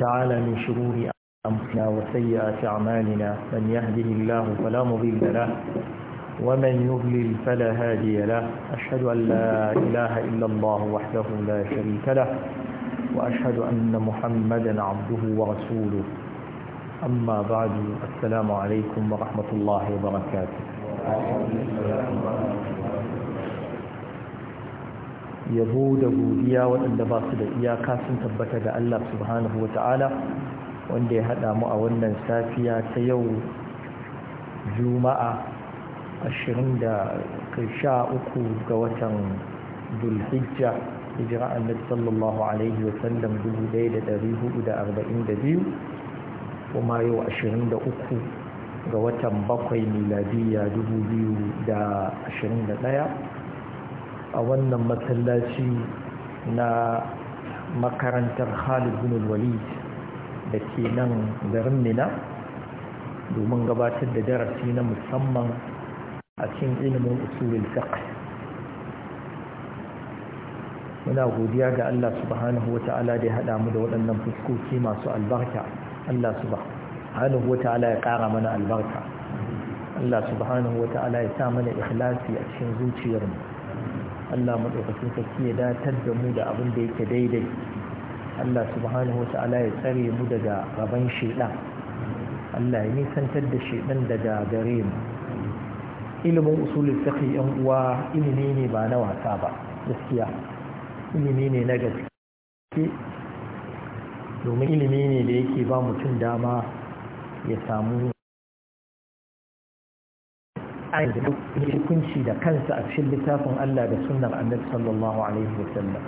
تعالى من شرور أمسنا وسيئات أعمالنا من يهده الله فلا مضل له ومن يضلل فلا هادي له أشهد أن لا إله إلا الله وحده لا شريك له وأشهد أن محمدا عبده ورسوله أما بعد السلام عليكم ورحمة الله وبركاته yabo da godiya waɗanda ba su da iyaka sun tabbata ga Allah subhanahu wata'ala wanda ya haɗa mu a wannan safiya ta yau juma'a 23 ga watan dulhijja hijira annabi sallallahu alaihi wa sallam 1442 kuma yau 23 ga watan bakwai miladiyya 2021 a wannan masallaci na makarantar Khalid bin Walid da ke nan garin Mina domin gabatar da darasi na musamman a cikin ilimin usulul fiqh muna godiya ga Allah subhanahu ta'ala da ya hada mu da waɗannan fuskoki masu albarka Allah subhanahu ta'ala ya ƙara mana albarka Allah subhanahu ta'ala ya sa mana ikhlasi a cikin zuciyarmu Allah maɗaukakin sarki ya datar da mu da abin da yake daidai Allah subhanahu wa ta'ala ya tsare mu daga rabon shaidan Allah ya nisantar da shaidan daga gare mu ilimin usulul fiqh yan uwa ilimi ne ba na wasa ba gaskiya ilimi ne na gaske domin ilimi ne da yake ba mutum dama ya samu a hukunci da kansa a cikin littafin Allah da sunnar annabi sallallahu alaihi wasallam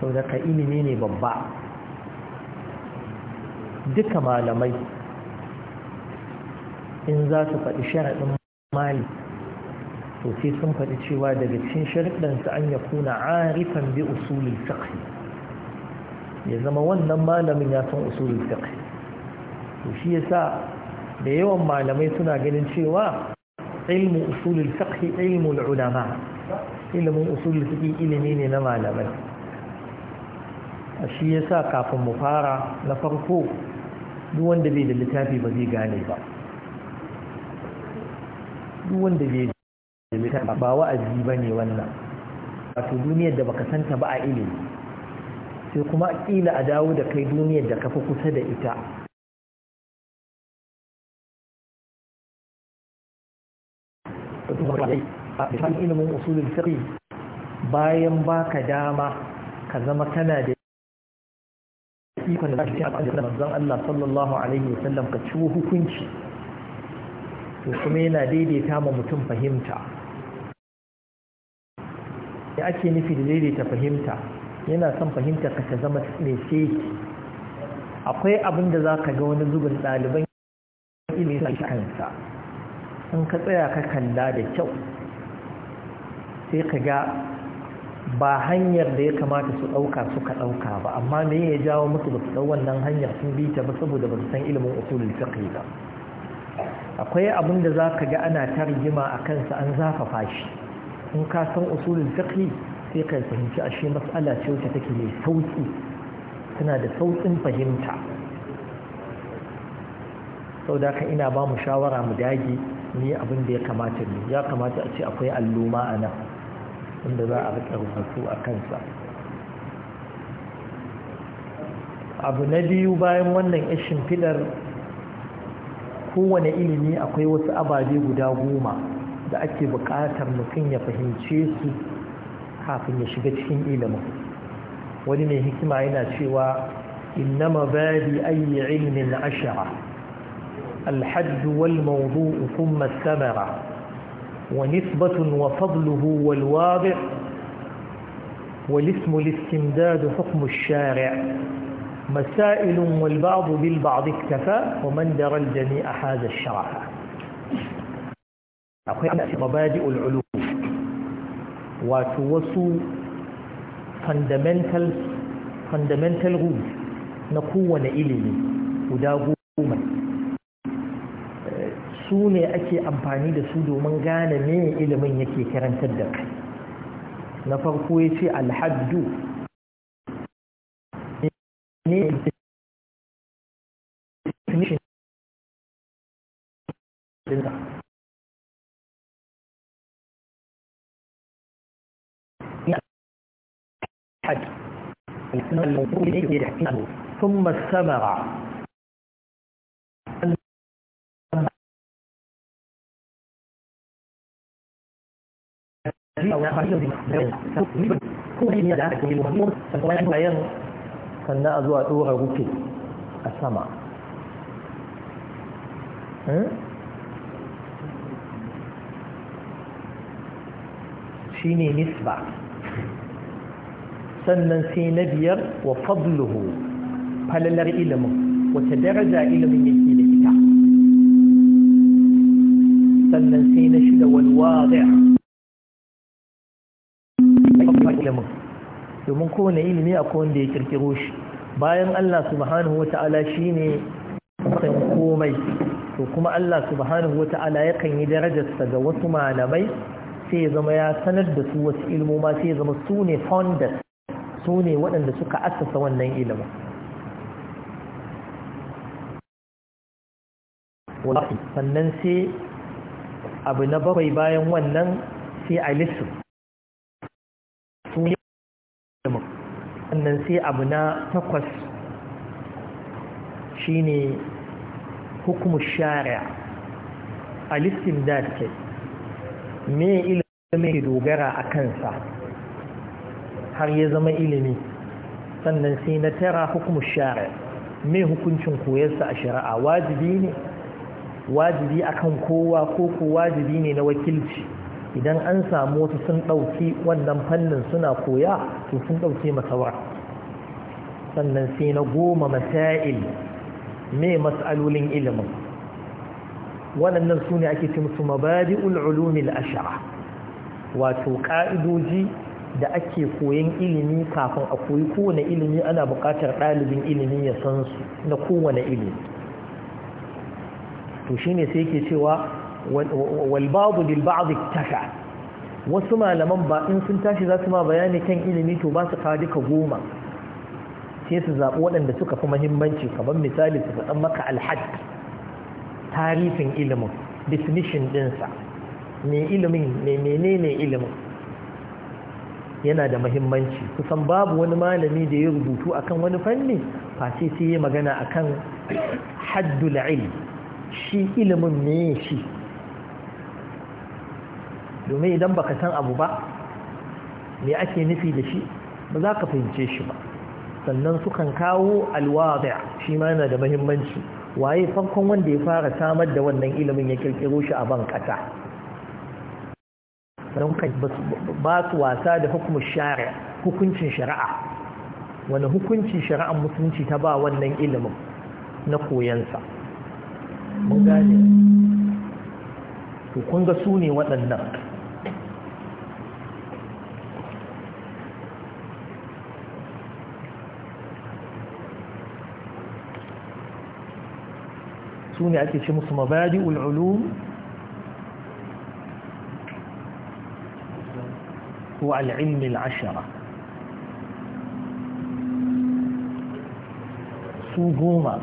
saboda ka ilimi ne babba duka malamai in za su faɗi sharaɗin mali to sai sun faɗi cewa daga cikin su an ya kuna arifan bi usulul fiqh ya zama wannan malamin ya san usuli fiqh to shi yasa da yawan malamai suna ganin cewa ilmu usulul fiqhi ilmu ulama ilmin usulul fiqhi ilimi ne na malamai shi yasa kafin mu fara na farko duk wanda bai da littafi ba zai gane ba duk wanda bai da littafi ba wa'azi bane wannan wato duniyar da baka santa ba a ilimi sai kuma kila a dawo da kai duniyar da kafa kusa da ita walai a cikin ilimin usulul fiqh bayan baka dama ka zama kana da ikon da kake amfani da manzon Allah sallallahu alaihi wasallam ka ciwo hukunci to kuma yana daidaita ma mutum fahimta ya ake nufi da daidaita fahimta yana son fahimta ka ta zama mai sheki akwai abin da za ka ga wani zubin ɗaliban ilimin kansa in ka tsaya ka kalla da kyau sai ka ga ba hanyar da ya kamata su ɗauka suka ɗauka ba amma me ya jawo musu ba su ɗau wannan hanyar sun bi ta ba saboda ba su san ilimin usulul fiqh ba akwai abin da za ka ga ana ta a kansa an zafafa shi in ka san usulul fiqh sai ka fahimci ashe mas'ala ce wacce take mai sauki tana da sautsin fahimta sau da ka ina ba mu shawara mu dage ni abin da ya kamata ne ya kamata a ce akwai alluma a nan inda za a rika rubutu a kansa abu na biyu bayan wannan ishin filar kowane ilimi akwai wasu ababe guda goma da ake buƙatar mutum ya fahimce su kafin ya shiga cikin ilimin wani mai hikima yana cewa innama badi ayi ilimin ashara الحد والموضوع ثم الثمرة ونسبة وفضله والواضع والاسم الاستمداد حكم الشارع مسائل والبعض بالبعض اكتفى ومن درى الجميع حاز الشرح أخيرا مبادئ العلوم وتوسو fundamental fundamental rules نقوة إلي وداغوما su ne ake amfani da su domin gane me ilimin yake karantar da kai na farko ya ce alhaddu ne ثم الثمرة sannan a zuwa ɗora rufe a sama shi ne nisba sannan sai na biyar wa fadluhu falalar ilimin wata daraja ilimin yake da ita sannan sai na shida wal wadi'a domin kowane ilimi a wanda ya kirkiro shi bayan Allah subhanahu wa ta'ala shi ne san komai to kuma Allah subhanahu wa ta'ala yakan yi darajarsa ga wasu malamai sai ya zama ya sanar da su wasu ilmoma sai ya zama su ne founders su ne waɗanda suka asasa wannan ilimin sannan sai abu na bakwai bayan wannan sai a lissu sannan sai abu na takwas shine hukumu shari'a alistin dace me ilimi dogara a kansa har ya zama ilimi sannan sai na tara hukumu shari'a me hukuncin koyarsa a shari'a wajibi ne wajibi akan kowa ko ko wajibi ne na wakilci idan an samu wasu sun ɗauki wannan fannin suna koya to sun ɗauke masawar sannan sai na goma masail me mas'alolin ilimin waɗannan su ne ake ce musu mabadi'ul ulumil ashara wato ƙa'idoji da ake koyan ilimi kafin a koyi kowane ilimi ana buƙatar ɗalibin ilimi ya san su na kowane ilimi to shine sai ke cewa walbabu lilba'adu tafa wasu malaman ba in sun tashi za su ma bayani kan ilimi to ba su duka goma sai su zaɓi waɗanda suka fi mahimmanci kamar misali su faɗan maka alhaj tarifin ilimin definition ɗinsa me ilimin me menene ilimin yana da mahimmanci kusan babu wani malami da ya rubutu akan wani fanni face sai ya magana akan haddul ilm shi ilimin ne shi domin idan baka san abu ba me ake nufi da shi ba za ka fahimce shi ba sannan sukan kawo alwada shi ma yana da mahimmanci waye farkon wanda ya fara samar da wannan ilimin ya kirkiro shi a ban kasa don ba su wasa da hukumar shari'a hukuncin shari'a wani hukuncin shari'ar musulunci ta ba wannan ilimin na koyansa mun gane to kun su ne waɗannan تشوني أتي شيء مبادئ والعلوم والعلم العشرة سوهما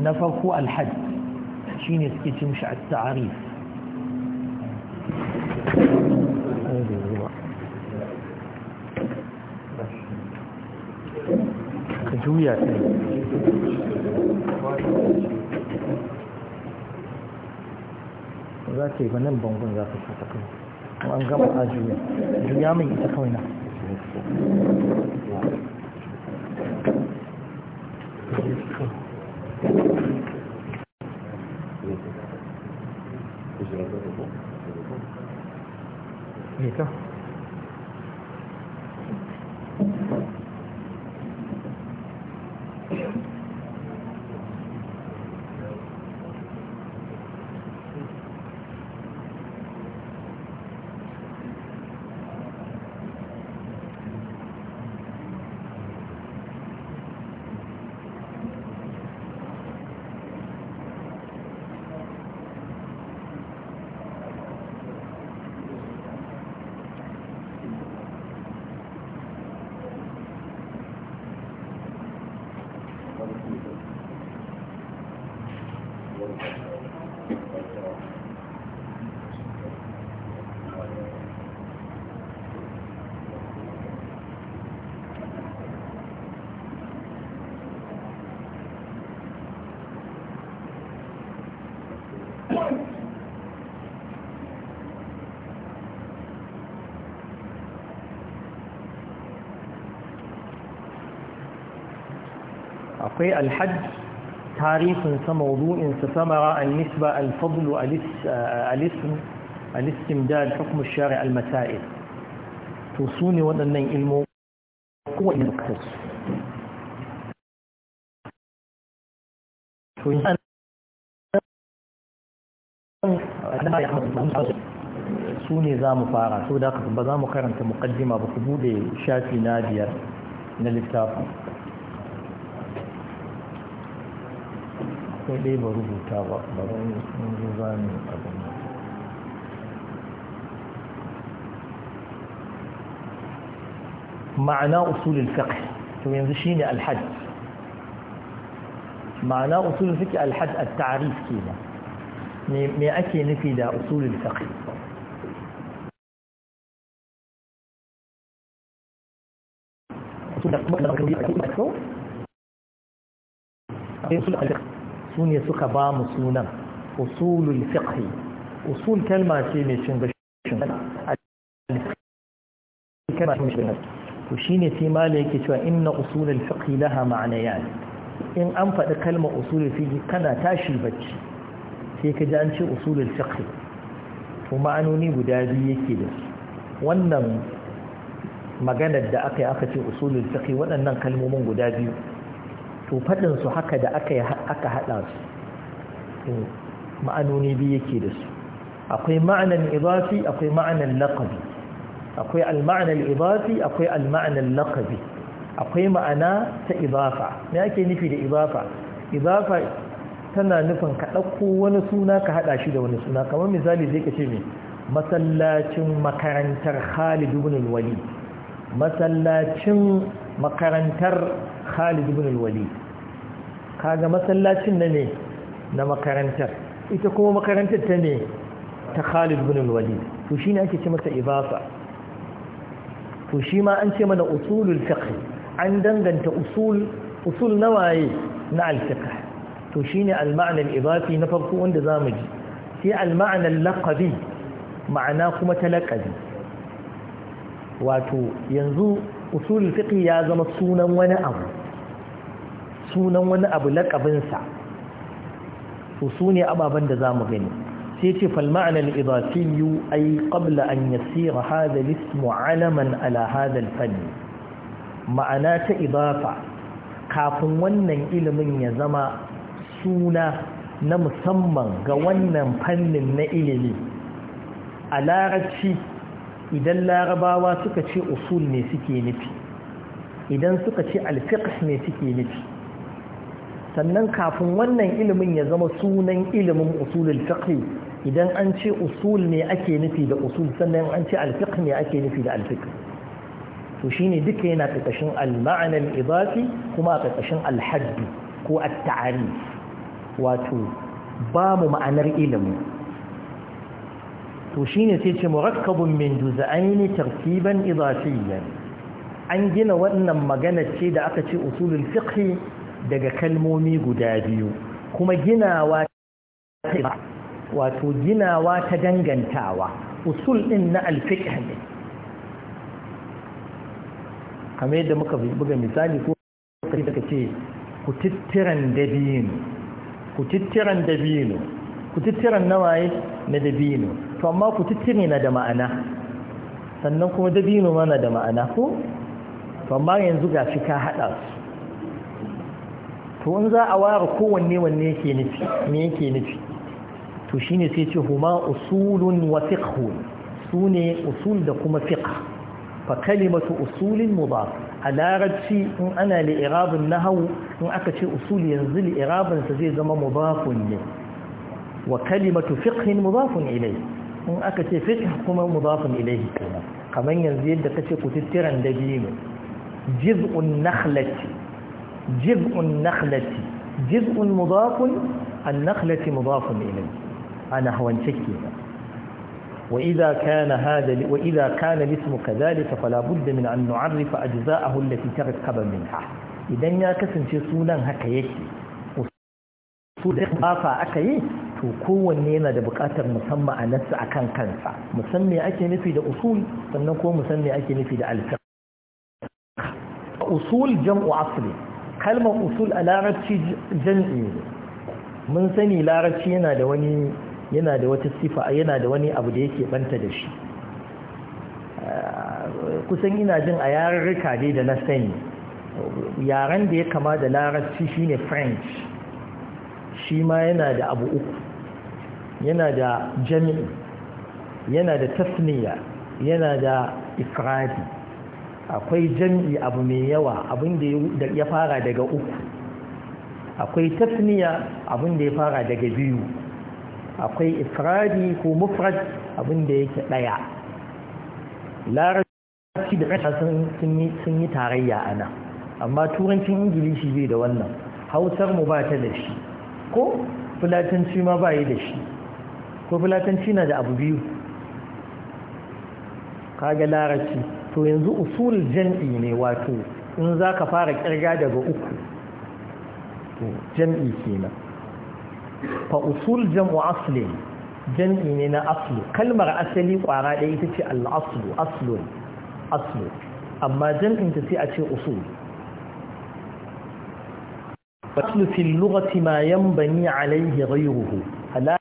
نفقه الحد شيني سكيتي مش على التعريف duniya ɗin za ka yi ba nan bangon za ka sata kai an gama ta juya juya min ita kawai na akwai alhajj tarihin sa mawdu'in sa samara an-nisba al-fadl uh, al-ism al-istimdad hukm al-shari' al-masail to sune waɗannan ilmo ko ne kasu to yana su ne za mu fara so da ba za mu karanta mukaddima ba ku bude shafi na biyar na littafin akwai ɗaya ba rubuta ba ba zan yi zani abin ma'ana usulul fiqh to yanzu shine al-hadd ma'ana usulul fiqh al-hadd at-ta'rif kenan me me ake nufi da usulul fiqh usulul fiqh su ne suka ba mu sunan usulul fiqh usul kalma ce mai cin gashin to shine sai malai yake cewa inna usulul fiqh laha ma'anayan in an faɗi kalmar usulul fiqh kana tashi bacci sai ka ji an ce usulul fiqh to ma'anoni guda biyu yake da wannan maganar da aka yi aka ce usulul fikhi waɗannan kalmomin guda biyu to faɗin su haka da aka haɗa su hmm. ma'anoni biyu yake da su akwai ma'anan idafi akwai ma'anan laqabi akwai al-ma'ana akwai al-ma'ana akwai ma'ana ta ibafa. me ake nufi da ibafa? Ibafa tana nufin ka ɗauko wani suna ka haɗa shi da wani suna kamar misali zai ka ce mai masallacin makarantar Khalid ibn masallacin makarantar Khalid ibn al-Walid kaga masallacin na ne na makarantar ita kuma makarantar ta ne ta Khalid ibn al-Walid to shine ake ce masa ibasa to shi ma an ce mana usulul fiqh an danganta usul usul nawaye na al-fiqh to shine al-ma'na al-idafi na farko wanda zamu ji sai al-ma'na al-laqabi ma'ana kuma ta laqabi wato yanzu usulul fiqh ya zama sunan wani abu sunan wani abu laqabin sa usune ababen da zamu gani sai ce fal ma'na al idafi qabla an yasira hadha hadalis mu'alaman 'alaman ala ma'ana ta idafa kafin wannan ilimin ya zama suna na musamman ga wannan fannin na ilimi a larabci idan larabawa suka ce usul ne suke nufi idan suka ce alfiqh ne suke nufi sannan kafin wannan ilimin ya zama sunan ilimin usulul fiqh idan an ce usul ne ake nufi da usul sannan an ce alfiqh ne ake nufi da alfiqh to shine duka yana ƙarƙashin al-ma'ana al-idafi kuma ƙarƙashin al-hadd ko at taarif wato ba ma'anar ilimi to shine sai ce murakkabun min aini tartiban idafiyyan an gina wannan magana ce da aka ce usulul fiqh daga kalmomi guda biyu kuma ginawa wato ginawa ta dangantawa usul din na alfiqh ne kamar yadda muka buga misali ko ka ce ku tittiran dabino ku tittiran dabino Ku kututturen nawaye na dabino to amma ku kututture na da ma'ana sannan kuma dabino ma na da ma'ana ko to amma yanzu ga shi ka haɗa su to in za a ware kowanne wanne yake nufi me yake nufi to shine sai ce huma usulun wa su ne usul da kuma fiqh fa kalimatu usulin mudaf a larabci in ana li'irabin nahawu in aka ce usul yanzu li'irabin sa zai zama mudafun ne وكلمة فقه مضاف إليه أكت فقه كما مضاف إليه كما كمن يزيد تشك تترا دجيم جزء النخلة جزء النخلة جزء مضاف النخلة مضاف إليه أنا هو انشكينا وإذا كان هذا وإذا كان الاسم كذلك فلا بد من أن نعرف أجزاءه التي ترتب منها إذا يا كسن شسونا هكيك وصول إخبار أكيك to kowanne yana da bukatar musamman a nasu a kan kansa musamman ake nufi da usul sannan ko musamman ake nufi da a usul jam'u asali kalmar usul a larabci jam'i mun sani larabci yana da wani yana da wata sifa yana da wani abu da yake banta da shi kusan ina jin a yarurruka dai da na sani yaren da ya kama da larabci shine french shi ma yana da abu uku yana da jami'i yana da tasniya yana da ifradi akwai jami'i abu mai yawa abin da ya fara daga uku akwai tasniya abin da ya fara daga biyu akwai ifradi ko mufrad abin da yake daya larabci da ƙasa sun yi tarayya a nan amma turancin ingilishi bai da wannan hausar mu ba ta da shi ko fulatanci ma ba yi da shi ko filatanci na da abu biyu kaga larabci to yanzu usul jam'i ne wato in za ka fara kirga daga uku To jam'i kenan fa usul jam'u asli jam'i ne na aslu kalmar asali kwara ɗaya ita ce al'aslu aslu, aslu amma jam'in ta sai a ce usul aslu fil lughati ma yanbani alayhi ghayruhu ala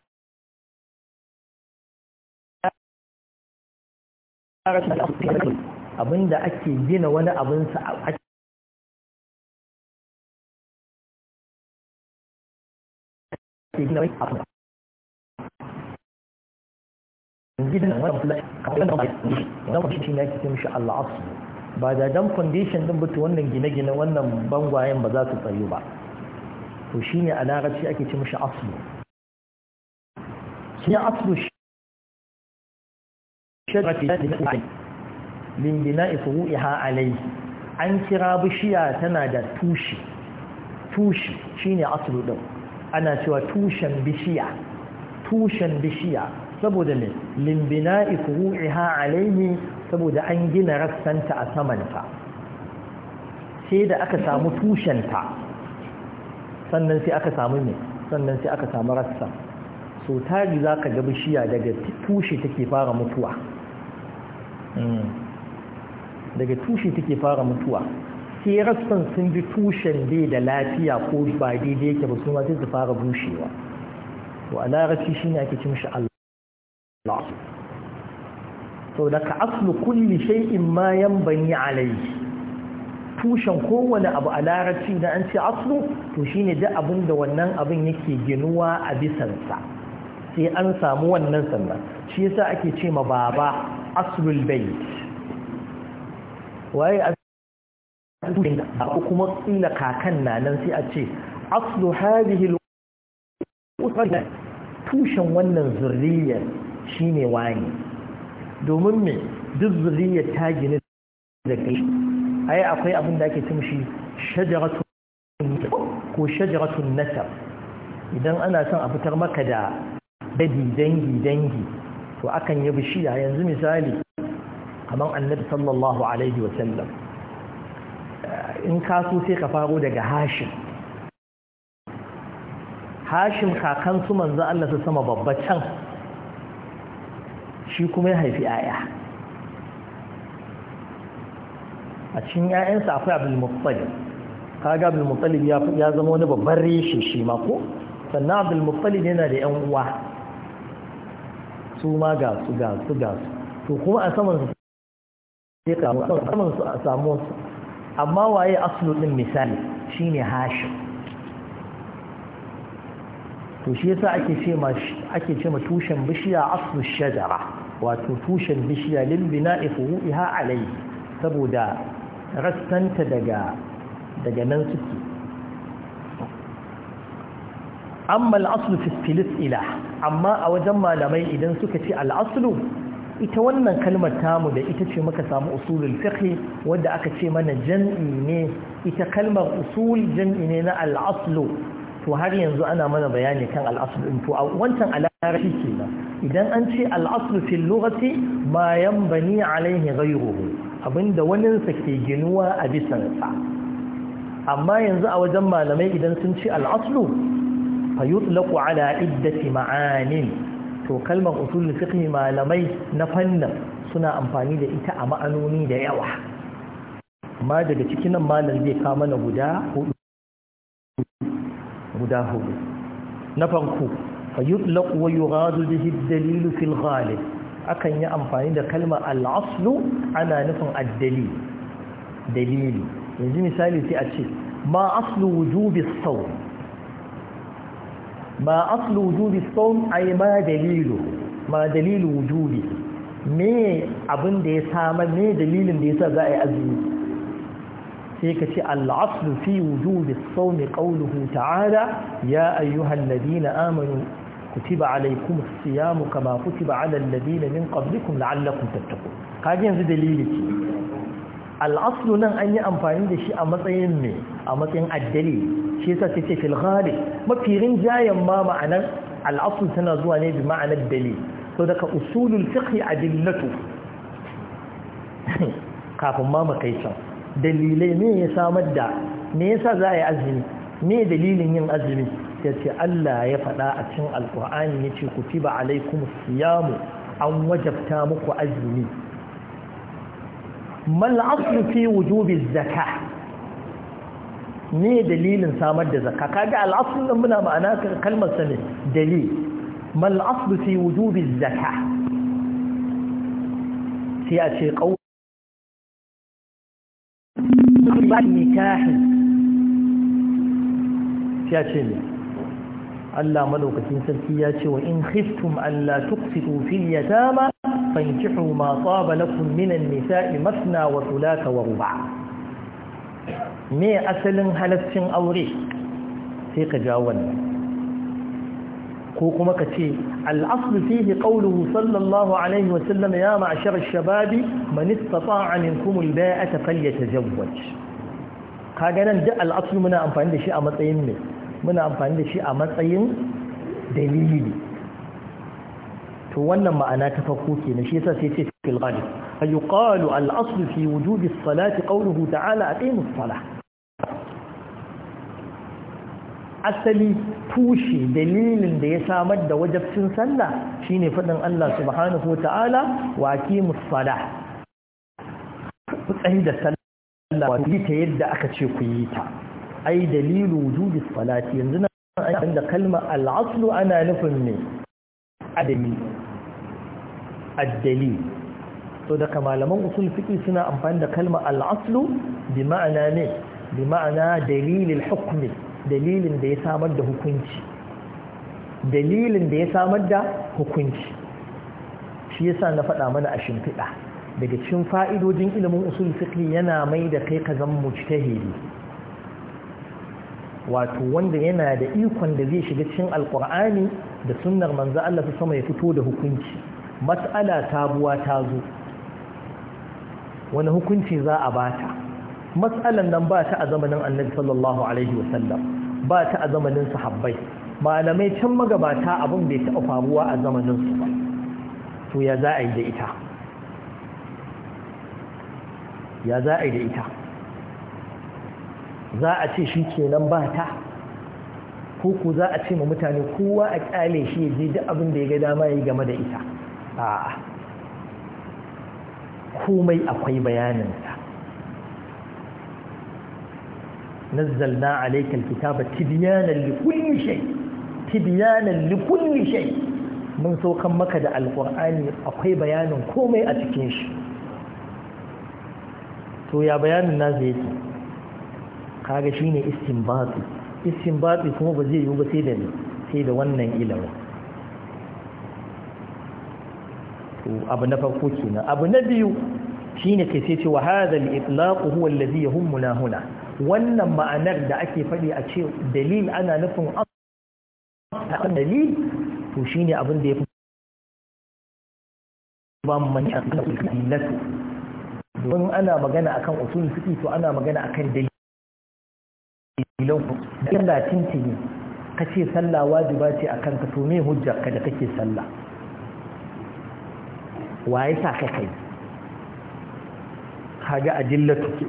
abinda ake gina wani abinsa ake gina wani da wani wani wani shi ne ake ba da dan foundation din butu wannan gine-gine wannan bangwayen ba za su tsayu ba to shi ne a larabci ake ce mishi shi asu shi الشجرة من بناء فروعها عليه an kira bishiya tana da tushe tushe shine aslu din ana cewa tushen bishiya tushen bishiya saboda ne limbina'i furu'iha alaihi saboda an gina rassanta a samanta sai da aka samu tushen ta sannan sai aka samu ne sannan sai aka samu rassan so tari za ka ga bishiya daga tushe take fara mutuwa Hmm. daga tushe take fara mutuwa sai rassan sun bi tushen bai da lafiya ko ba daidai yake ba su sai su fara bushewa to a larabci ne ake cimshi Allah sau da ka aslu kulli shay'in ma yanbani alayhi tushen kowane abu a larabci da an ce aslu to shine duk abin da wannan abin yake ginuwa a bisansa sai an samu wannan sannan shi yasa ake ce ma baba aslul bayt waye aslul ko kuma kila kakan na nan sai a ce aslu hadhihi al tushen wannan zurriyar shine wani domin me duk zurriyar ta gina da kai ai akwai abin da ake ce mishi shajaratu ko shajaratun nasab idan ana son a fitar maka da dadi dangi dangi to akan yi bishiya yanzu misali kamar annabi sallallahu alaihi wa sallam eh, in kaso sai ka faro daga hashim hashim kakan su manzo Allah su sama babbacin shi kuma ya haifi aya a cikin 'ya'yansa akwai abul muttalib kaga abul muttalib ya zama wani babban reshe shi ma ko sannan abul muttalib yana da ƴan uwa su ma ga su ga su ga su to kuma a saman su sai ka a saman su a samu su amma waye aslu din misali shine hashim to shi yasa ake ce ma ake ce ma tushen bishiya aslu shajara wato tushen bishiya lil bina'i furu'iha alai saboda rastanta daga daga nan suke amma al'aslu fistilis ila amma a wajen malamai idan suka ce al'aslu ita wannan kalmar tamu da ita ce muka samu usulul fiqh wadda aka ce mana jan'i ne ita kalmar usul jan'i ne na al'aslu to har yanzu ana mana bayani kan al'aslu to a wancan ke kenan idan an ce al'aslu fil lughati ma bani alaihi ghayruhu abinda waninsa ke ginuwa a bisansa amma yanzu a wajen malamai idan sun ce al'aslu fayutlaqu ala iddati ma'anin to kalmar usul fiqh malamai na fannin suna amfani da ita a ma'anoni da yawa amma daga cikin nan malam zai kawo mana guda hudu guda hudu na farko fayutlaq wa yughadu bihi ad-dalil fil akan yi amfani da kalmar al ana nufin ad dalili yanzu misali sai a ce ma aslu wujubi as ما أصل wujudi الصوم ai ma dalilu ma dalilu wujudi me abin da ya samar ne dalilin da yasa za a yi azumi sai ka ce al'aslu fi wujudi sawmi qawluhu ta'ala ya ayyuhal ladina amanu kutiba alaykum as-siyamu kama kutiba ala alladina min qablikum la'allakum tattaqun kaji yanzu dalili ce al'aslu nan an yi amfani da shi a matsayin ne a matsayin addali shi yasa sai ce fil mafirin mafi rinjayen ma ma'anar al'aslu tana zuwa ne bi ma'anar dali so daga usulul fiqh adillatu kafin ma makai can dalilai ne ya samar da me sa za a yi azumi me dalilin yin azumi ya ce Allah ya faɗa a cikin alƙur'ani ya ce kutiba alaikum siyamu an wajabta muku azumi mal aslu fi wujubi zaka ne dalilin samar da zaka, kaga al aslu din muna ma'ana kalmar sa ne dalil mal aslu fi wujubi zaka sai a ce qawl nikahi sai a ce ne Allah madaukakin sarki ya ce wa in khiftum alla tuqsitu fil yatama فانكحوا ما طاب لكم من النساء مثنى وثلاث ورباع me asalin halaccin aure sai ka ja wannan ko kuma ka ce al'aslu fihi qawluhu sallallahu alaihi wa sallam ya ma'ashar shababi man istata'a minkum al-ba'ata falyatazawwaj kaga nan duk al'aslu muna amfani da a matsayin muna amfani da shi a matsayin dalili to wannan ma'ana ta farko kenan shi yasa sai ce fil ghalib ay yuqalu al asl fi wujub as salati qawluhu ta'ala aqimu as salah asali tushe dalilin da ya samar da wajabcin sallah shine fadin Allah subhanahu wa ta'ala wa aqimu as salah tsayi da sallah wa ta yadda aka ce ku yi ta ai dalilu wujubi salati yanzu na an da kalmar al aslu ana nufin ne adami addali to daga malaman usul fiqi suna amfani da kalma al-aslu bi ma'ana ne bi ma'ana dalilin hukmi dalilin da ya samar da hukunci dalilin da ya samar da hukunci shi yasa na faɗa mana a shimfiɗa daga cikin fa'idojin ilimin usul fiqi yana mai da kai ka zama mujtahidi wato wanda yana da ikon da zai shiga cikin alkur'ani da sunnar manzo Allah su sama ya fito da hukunci mas'ala buwa ta zo wani hukunci za a bata mas'alan nan ba ta a zamanin annabi sallallahu alaihi wasallam ba ta a zamanin sahabbai malamai can magabata abin bai taɓa faruwa a zamanin su ba to ya za a yi da ita ya za a yi da ita za a ce shi kenan ba ta ko ku za a ce ma mutane kowa a kyale shi ya je duk abin da ya ga dama ya game da ita a'a komai akwai bayaninsa na alaikal kitaba tibyanan li kulli shay tibyanan li kulli mun saukan maka da alkur'ani akwai bayanin komai a cikin shi to ya bayanin zai yake kaga shine istinbati istinbati kuma ba zai yiwu ba sai da ne sai da wannan ilimin to abu na farko kenan abu na biyu shine kai sai ce wa hadha al-itlaq huwa alladhi yahummuna huna wannan ma'anar da ake faɗi a ce dalil ana nufin dalil to shine abin da ya fi ba mu ana magana akan usul fiqi to ana magana akan dalil ilanku da Allah tintini ka ce sallah wajiba ce a kanka to me hujja ka da kake sallah waye sa ka kai kaga adillatu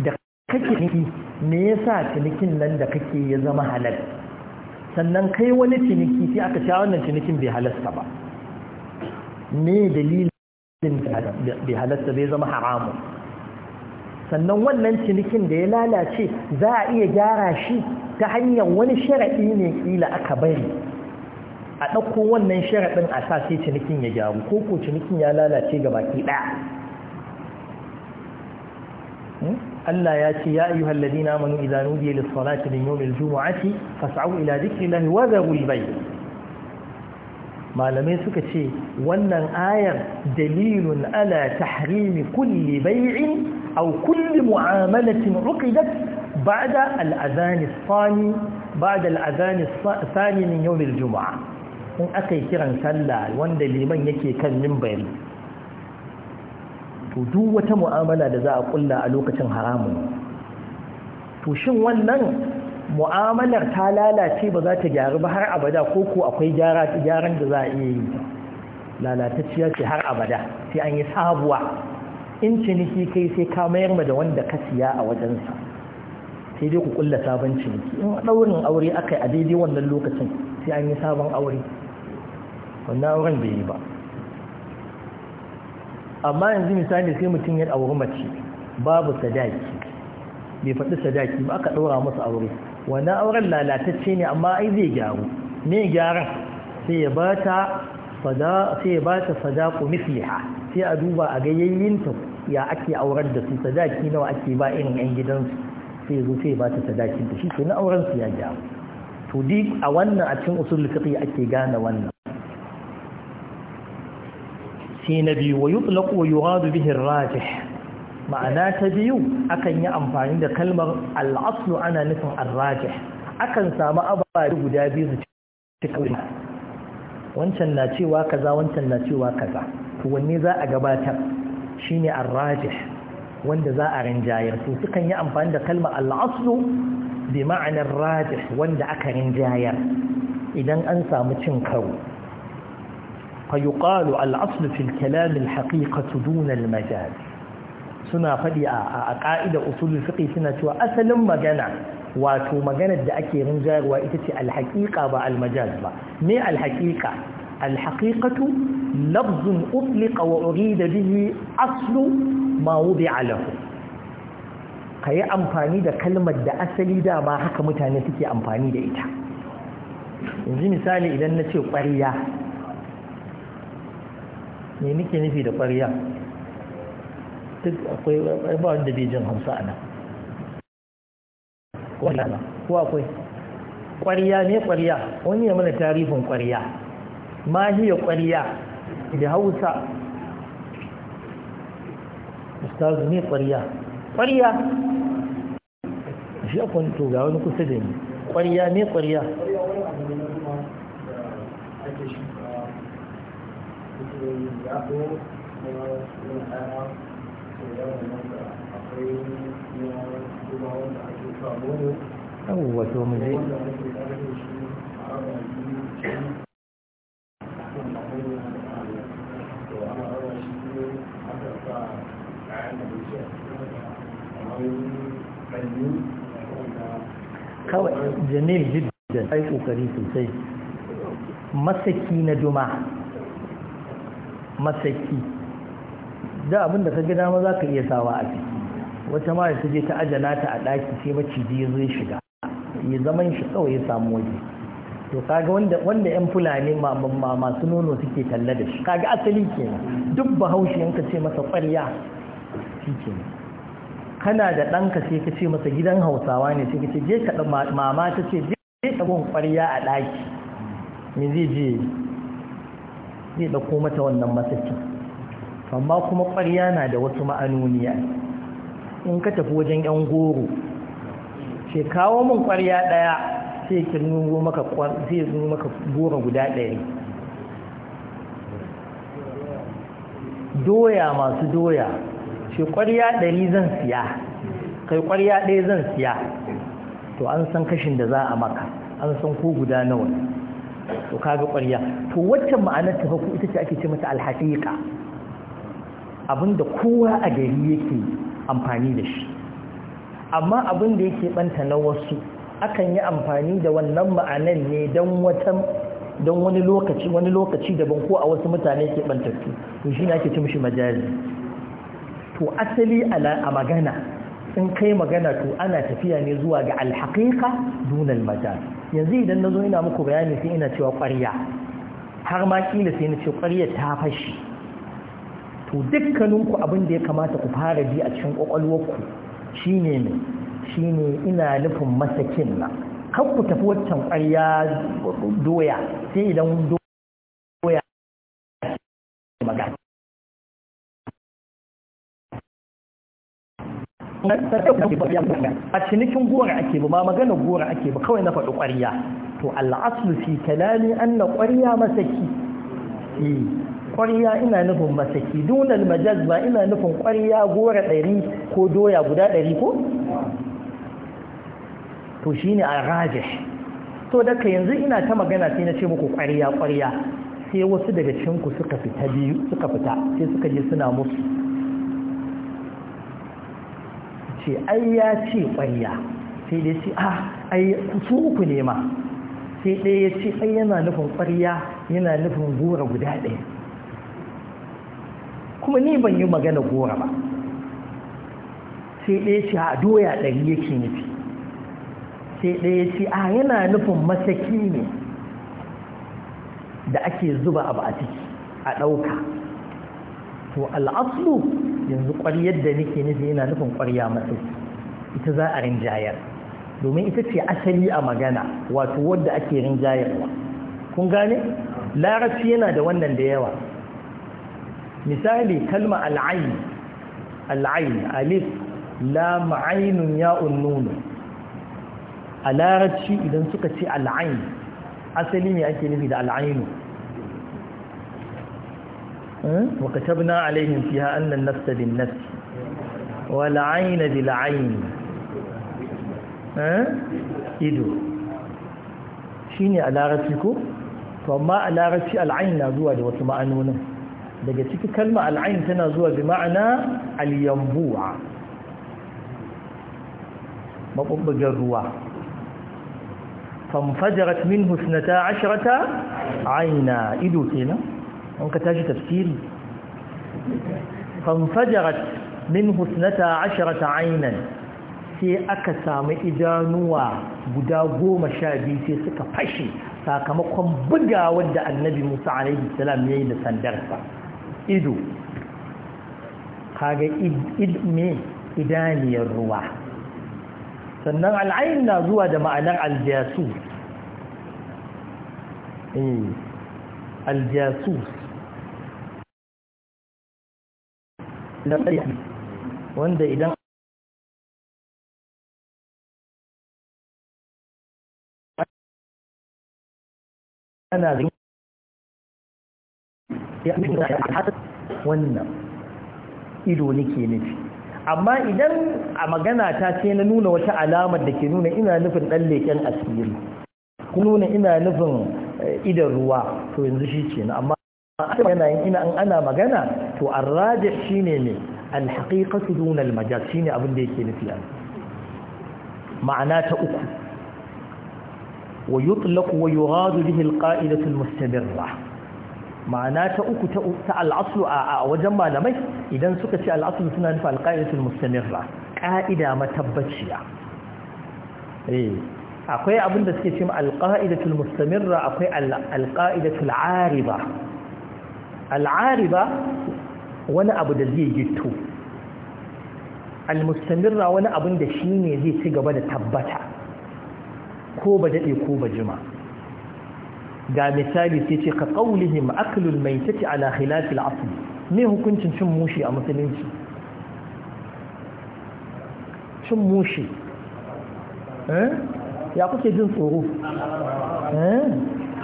da kake ciniki me yasa cinikin nan da kake ya zama halal sannan kai wani ciniki sai aka sha wannan cinikin bai halasta ba me dalilin da bai halasta bai zama haramun sannan wannan cinikin da ya lalace za a iya gyara shi ta hanyar wani sharaɗi ne ƙila aka bari a ɗauko wannan sharaɗin a sa sai cinikin ya gyaru ko ko cinikin ya lalace ga baki ɗaya hmm? Allah ya ce ya ayyuhal ladina amanu idza nudiya lis salati da yawmil jumu'ati fas'au ila dhikrillahi malamai suka ce wannan ayar dalilun ala tahrimi kulli bay'in أو كل معاملة عقدت بعد الأذان الثاني بعد الأذان الثاني من يوم الجمعة in aka yi kiran sallah wanda liman yake kan mimbari to duk wata mu'amala da za a kulla a lokacin haramun to shin wannan mu'amalar ta lalace ba za ta gyaru ba har abada ko akwai gyaran da za a iya yi lalatacciya ce har abada sai an yi sabuwa in ciniki kai sai ka mayar ma da wanda ka siya a wajensa sai dai ku kulla sabon ciniki in daurin aure aka a daidai wannan lokacin sai an yi sabon aure wannan auren bai yi ba amma yanzu misali sai mutum ya auri mace babu sadaki bai faɗi sadaki ba aka ɗaura masa aure wannan auren lalatacce ne amma ai zai gyaru me gyaran sai ya bata fada sai ya sai a duba a ga yayyinta ya ake aurar da su sadaki nawa ake ba irin yan gidansu sai zo sai ba ta sadakin da shi ke na auren su ya gyaru to di a wannan a cikin usul fiqh ake gane wannan sai na biyu wa yutlaq wa yuradu bihi rajih ma'ana ta biyu akan yi amfani da kalmar al-aslu ana nufin ar-rajih akan samu ababe guda biyu su cikin wancan na cewa kaza wancan na cewa kaza to wanne za a gabatar shine ar-rajih wanda za a rinjayar su sukan yi amfani da kalmar alaslu bi ma'anar rajih wanda aka rinjayar idan an samu cin karo fa yuqalu al-aslu fil kalamil al dunal dun suna faɗi a ƙa'ida usulul fiqh suna cewa asalin magana wato maganar da ake rinjayarwa ita ce alhaƙiƙa ba almajaz ba me alhaƙiƙa alhaƙiƙatu لفظ أطلق وأريد به أصل ما وضع له ka yi amfani da kalmar da asali dama haka mutane suke amfani da ita yanzu misali idan na ce ƙwariya ne nike nufi da ƙwariya duk akwai ba wanda bai jin hausa a nan ko akwai ƙwariya ne ƙwariya wani ya mana tarihin ƙwariya ma hiya ƙwariya da hausa ustazu ne ƙwariya ƙwariya shi akwai to ga wani kusa da ni ƙwariya ne ƙwariya yawon wato mu zai kawai jamil jiddan ai kokari sosai masaki na duma masaki da abin da ka ga ma za ka iya sawa a ciki wata ma ta je ta ajana ta a ɗaki sai maciji ya zai shiga ya zaman shi kawai ya samu waje to kaga wanda wanda yan fulani masu nono suke talla da shi kaga asali kenan duk bahaushe yanka ce masa ƙwarya sakaci ke kana da ɗanka sai ka ce masa gidan hausawa ne sai ka ce je ka mama ta ce je ka ƙwarya a ɗaki me zai je zai ɗauko mata wannan masakin amma kuma ƙwarya na da wasu ma'anoniya in ka tafi wajen yan goro ce kawo min ƙwarya ɗaya sai ki nuno maka sai nuno maka goro guda ɗaya doya masu doya ce ƙwarya ɗari zan siya kai ƙwarya ɗaya zan siya to an san kashin da za a maka an san ko guda nawa to kaga ƙwarya to wacce ma'anar ta farko ita ce ake ce mata alhaƙiƙa abinda kowa a gari yake amfani da shi amma abin da yake banta na wasu akan yi amfani da wannan ma'anar ne don wata don wani lokaci wani lokaci daban ko a wasu mutane ke bantattu to shi ne ake ce mishi majazi to asali a magana in kai magana to ana tafiya ne zuwa ga alhaƙiƙa dunan majal yanzu idan na zo ina muku bayani sai ina cewa ƙwarya har ma kila sai na ce ƙwarya ta fashe. to dukkaninku abin da ya kamata ku fara ji a cikin ƙwaƙwalwarku shine ne shine ina nufin masakin na Kan ku tafi waccan ƙwarya doya sai idan doya magana a cinikin gora ake ba ma magana gora ake ba kawai na faɗi ƙwarya to al'aslu fi kalami an na masaki e, ƙwarya ina nufin masaki dunan majaz ba ina nufin ƙwarya gora ɗari ko doya guda ɗari ko to shi ne a raje. to daga yanzu ina ta magana sai na ce muku ƙwarya ƙwarya sai wasu daga cinku suka fita biyu suka fita sai suka je suna musu ce ai ya ce ƙwarya sai dai ce a ah, ai su uku ne ma sai ɗaya ya ce ai yana nufin ƙwarya yana nufin gora guda ɗaya kuma ni ban yi magana gora ba sai ɗaya ce a ah, doya ɗari yake nufi sai ɗaya ce a ah, yana nufin masaki ne da ake zuba abu a ciki a ɗauka to al'aslu yanzu ƙwaryar da nake nufi ina nufin ƙwarya matsi ita za a rinjayar domin ita ce asali a magana wato wadda ake rinjayarwa kun gane larabci yana da wannan da yawa misali kalma al'ayi al'ayi alif la ainun ya'un nun a larabci idan suka ce al'ain asali ne ake nufi da al'ainu وكتبنا عليهم فيها أن النفس بالنفس والعين بالعين ido shi ne a to amma a larabci al'ain na zuwa da wasu ma'anonin daga ciki kalma al'ain tana zuwa bi ma'ana alyambuwa maɓuɓɓugar ruwa famfajarat min husnata ashirata aina ido kenan an ka tashi tafsiri fanfajarat min husnata asharata sai aka samu idanuwa guda goma sha biyu sai suka fashe sakamakon bugawar da annabi musa alaihi salam ya yi da sandarsa ido kaga idme idaniyar ruwa sannan al'ayin na zuwa da ma'anar aljasus eh, aljasus na tsaye wanda idan ana zai ya fi da alhassan wannan ido nake nufi amma idan a magana ta ce na nuna wata alamar da ke nuna ina nufin ɗan leƙen asiri ku nuna ina nufin eh, idan ruwa to yanzu shi ce na. amma yana yin ina ana magana to arrajih shi ne alhaqiqatu dun almajaz shine abin abinda yake nufi a ma'ana ta uku wa yutlaqu wa yughadu bihi alqa'idatu almustamirra ma'ana ta uku ta al'aslu a wajen malamai idan suka ce al'aslu suna nufi alqa'idatu almustamirra ka'ida matabbaciya eh akwai abinda suke cewa alƙa'idatul mustamirra akwai alqa'idatul ariba al'ariba wani abu da zai gito almustamirra wani abin da shi ne zai ci gaba da tabbata ko ba daɗe ko ba jima ga misali sai ce ka ƙaunihim aklul mai tafi ala khilafil asu ne hukuncin cin mushi a musulunci cin mushi eh? ya kuke jin tsoro eh?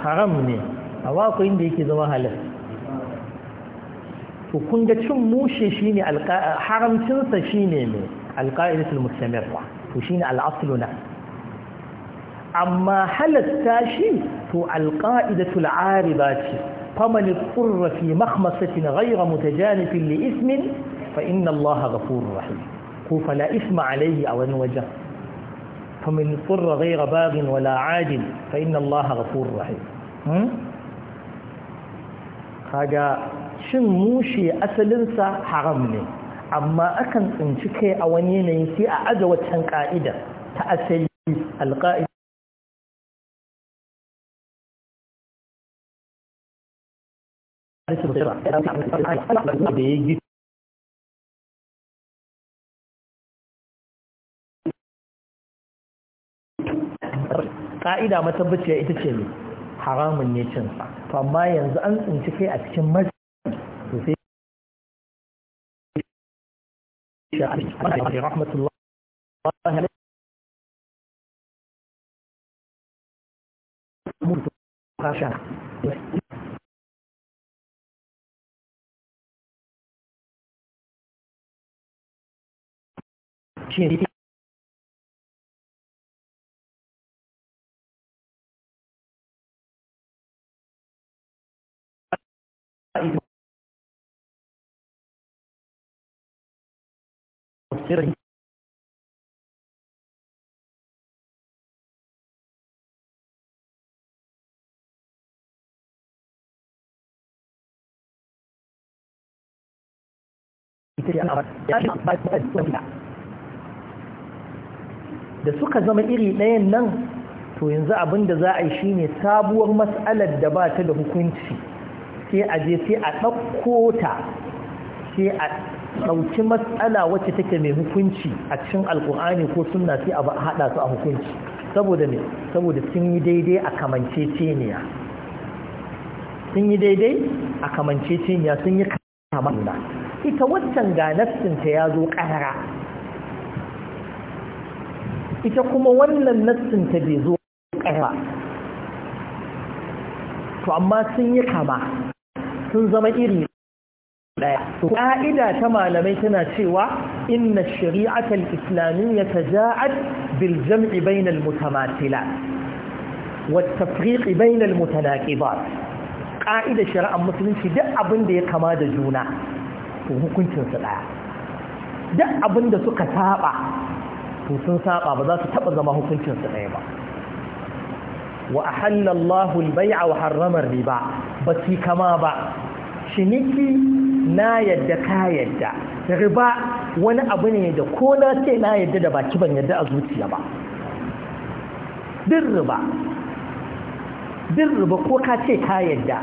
haram ne a wakon da yake zama halar to kun ga cin mushe shine haramcinsa shine mai alƙa'idatul mustamirra to shine al'aslu na amma halatta shi to alƙa'idatul ariba ce faman qurra fi makhmasatin ghayra mutajanifin li ismin fa inna allaha ghafurur rahim ko fala isma alayhi aw an wajh faman qurra ghayra baghin wala 'adin fa inna allaha ghafurur rahim kaga shin mushe asalinsa haram ne amma akan tsinci kai a wani yanayi sai a aje waccan ka'ida ta asali alƙa'ida da ya gita ƙa'ida matabbaciya ita ce ne haramun ne cinsa to amma yanzu an tsinci kai a cikin masu عليه رحمة الله عليه شيء sirri da suka zama iri ɗayan nan to yanzu abin da za a yi shi ne sabuwar matsalar da ba ta da hukunci sai a je sai a ɗauko sai a ɗauki matsala wacce take mai hukunci a cikin alkur'ani ko suna sai a haɗa su a hukunci saboda ne saboda sun yi daidai a kamanceceniya sun yi daidai a kamanceceniya sun yi kamanna ita waccan ga nassinta ya zo ƙara ita kuma wannan nassinta bai zo ƙara to amma sun yi kama sun zama iri Ka'ida ƙa'ida ta malamai tana cewa inna shari'ata islamiyya taja'at bil jam'i bainal mutamathilat wa tafriq bainal mutanaqibat ƙa'ida shari'ar musulunci duk abin da ya kama da juna to hukuncin su ɗaya duk abin da suka saba to sun saba ba za su taba zama hukuncin su ɗaya ba wa ahallallahu al-bay'a wa harrama riba ba kama ba ciniki na yadda ka yadda riba wani abu ne da ko na ce na yadda da baki ban yadda a zuciya ba din riba riba ko ka ce ka yadda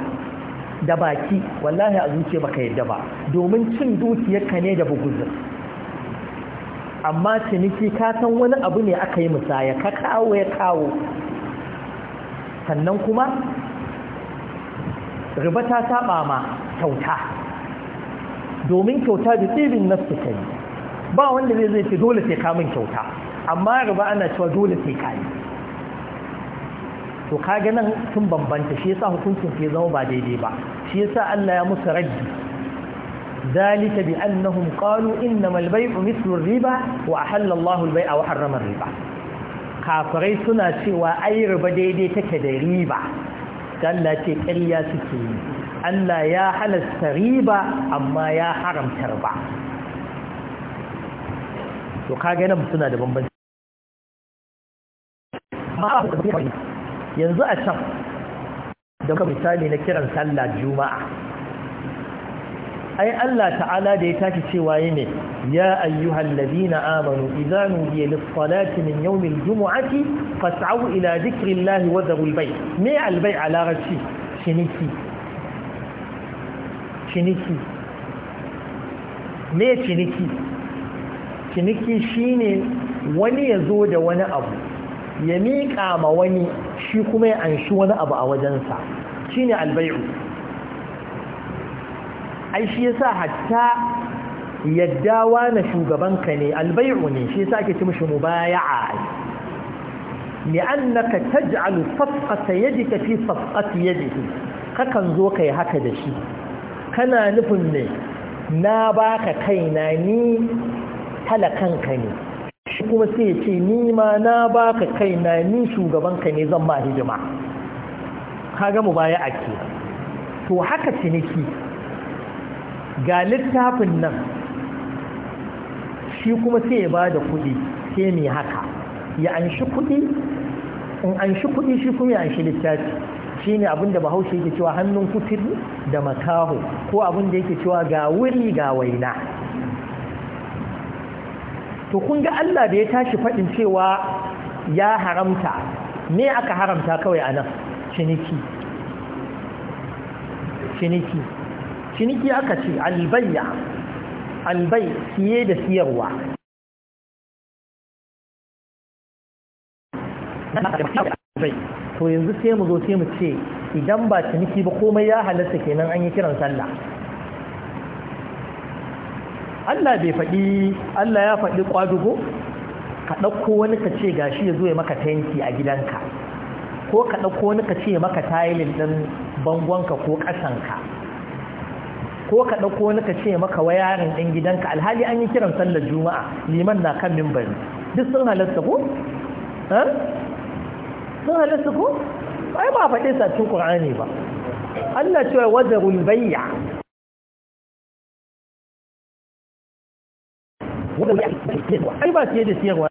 da baki wallahi a zuciya baka yadda ba domin cin dukiyarka ne da buguzin amma ciniki ka san wani abu ne aka yi musaya ka kawo ya kawo sannan kuma riba ta saba ma kyauta domin kyauta da tsirin nafsu kai ba wanda zai zai ce dole sai kamun kyauta amma raba ana cewa dole sai kayi to kaga nan sun bambanta shi yasa hukuncin ke zama ba daidai ba shi yasa Allah ya musu raddi zalika bi annahum qalu innamal bay'u mithlu ar-riba wa ahalla Allahu al-bay'a wa harrama ar-riba kafirai suna cewa ai riba daidai take da riba Allah ce ƙarya suke yi Allah ya halasta riba amma ya haramta riba to kage nan suna da bambanci yanzu a can da misali na kiran sallah juma'a ai Allah ta'ala da ya tashi cewa yi ne ya ayyuhal ladina amanu idza nudiya lis salati min yawmil jumu'ati fas'au ila dhikrillahi wa dharul bay' me al bay' ala rashi shiniki ciniki me ciniki ciniki shine wani ya zo da wani abu ya miƙa ma wani shi kuma ya anshi wani abu a wajensa shine albayu ai shi yasa hatta yadda wani shugabanka ne albayu ne shi yasa ake ci mishi mubaya'a لأنك تجعل صفقة يدك في صفقة يده kakan zo kai haka da shi kana nufin ne na baka kaina ni talakanka ne shi kuma sai ce ni ma na baka kaina ni shugabanka ne zan ma hidima Ka mu baya ake to haka ciniki ga littafin nan shi kuma sai ya ba da kuɗi sai mai haka ya anshi kuɗi in anshi kuɗi shi kuma ya anshi littafi shine abin da bahaushe yake cewa hannun kutir da makaho ko abin da yake cewa ga wuri ga waina to kun ga Allah da ya tashi faɗin cewa ya haramta me aka haramta kawai a nan ciniki ciniki ciniki aka ce albayya albai siye da siyarwa bai to yanzu sai mu zo sai mu ce idan ba ciniki ba komai ya halatta kenan an yi kiran sallah Allah bai faɗi Allah ya faɗi kwadugo ka ɗauko wani ka ce gashi ya zo ya maka tanki a gidanka ko ka ɗauko wani ka ce maka tayilin ɗin bangonka ko ƙasanka ko ka ɗauko wani ka ce maka wayarin ɗin gidanka alhali an yi kiran sallar juma'a liman na kan mimbari duk sun halatta ko? sun halatta ku? ai ba faɗe sa cikin qur'ani ba Allah cewa wadda rulbayya ai ba sai da siyarwa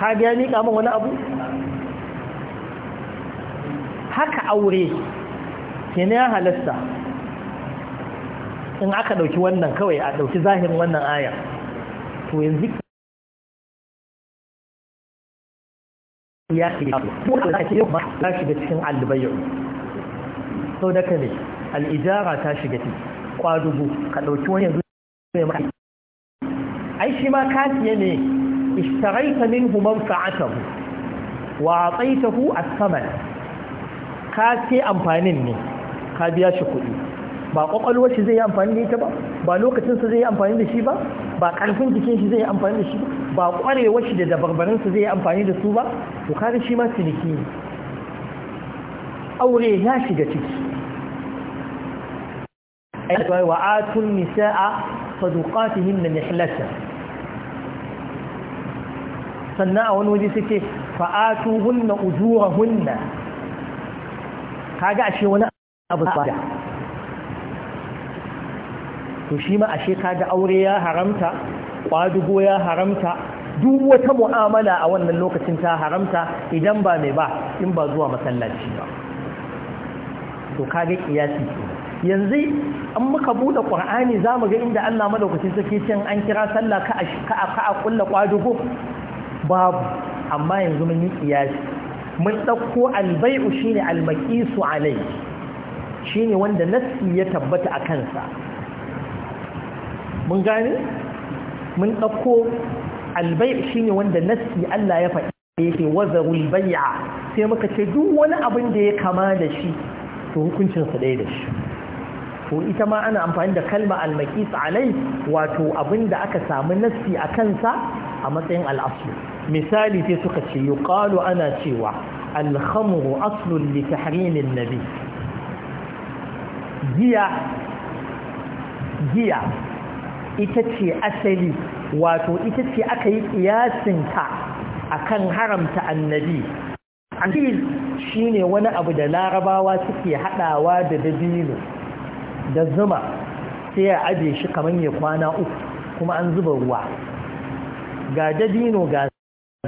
ka biya miƙa kamar wani abu haka aure ke ne ya halasta in aka ɗauki wannan kawai a ɗauki zahirin wannan aya to yanzu ya ke da ake yau ta shiga cikin albayyau sau da kane al'ijara ta shiga ciki kwadugu ka ɗauki wani yanzu mai mai ai shi ma kasiya ne ishtaraita min humar sa'atahu wa tsaitahu a saman ka ce amfanin ne ka biya shi kuɗi ba kwakwalwar shi zai yi amfani da ita ba ba lokacinsa zai yi amfani da shi ba ba karfin jikin shi zai yi amfani da shi ba Ba kwarewar shi da dabarbarinsa zai yi amfani da su ba to kare shi ma ciniki ne aure ya shiga ciki A ai wa atun nisaa saduqatihin nihlatan sannan a wani waje suke fa'atuhunna Ka kaga ashe wani abu ba to shi ma ashe ka kaga aure ya haramta kwadugo ya haramta duk wata mu'amala a wannan lokacin ta haramta idan ba mai ba in ba zuwa masallaci ba to kaga kiyasi yanzu an muka bude qur'ani zamu ga inda Allah madaukakin sake cin an kira sallah ka a ka a kullu kwadugo babu amma yanzu mun yi kiyasi mun dauko albai'u shine almaqisu alai shine wanda nassi ya tabbata akan sa mun gane mun ɗauko albai ne wanda nassi Allah ya faɗi yake wazarul bai'a sai muka ce duk wani abin da ya kama da shi to hukuncinsa ɗaya da shi to ita ma ana amfani da kalma almakis alai wato abin da aka samu nassi a kansa a matsayin al'asu misali sai suka ce yuqalu ana cewa alhamru aslun li tahrimin nabi giya giya ita ce asali wato ita ce aka yi a akan haramta annabi annabi shine wani abu da larabawa suke hadawa da dabino da zuma sai ya aje shi kaman ya kwana uku kuma an zuba ruwa ga dabino ga